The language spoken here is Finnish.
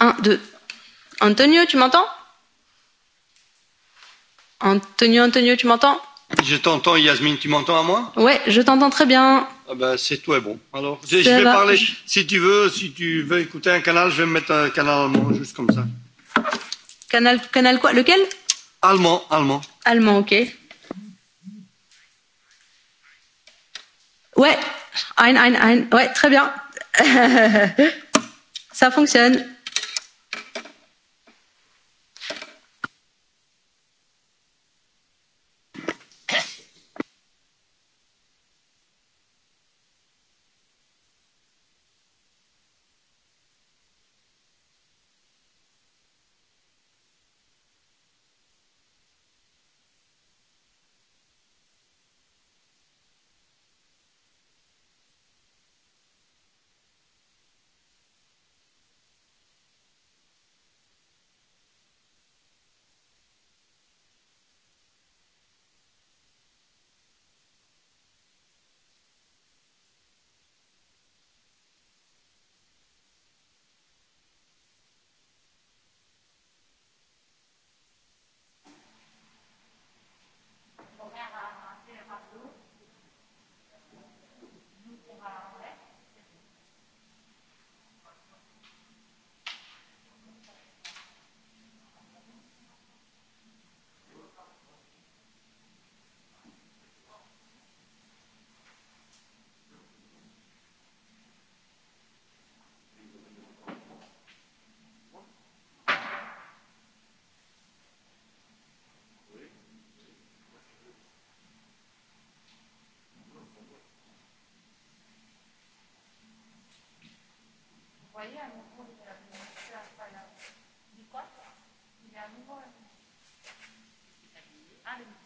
1, 2. Antonio, tu m'entends Antonio, Antonio, tu m'entends Je t'entends, Yasmine, tu m'entends à moi Ouais, je t'entends très bien. Ah ben, c'est tout est bon. Alors, je, je vais va. parler, si tu veux, si tu veux écouter un canal, je vais me mettre un canal allemand, juste comme ça. Canal, canal quoi Lequel Allemand, allemand. Allemand, ok. Ouais, ein, ein, ein. Ouais, très bien. ça fonctionne. voyons no mourir ah, de la voilà. Du quoi Il est amoureux. Ah, le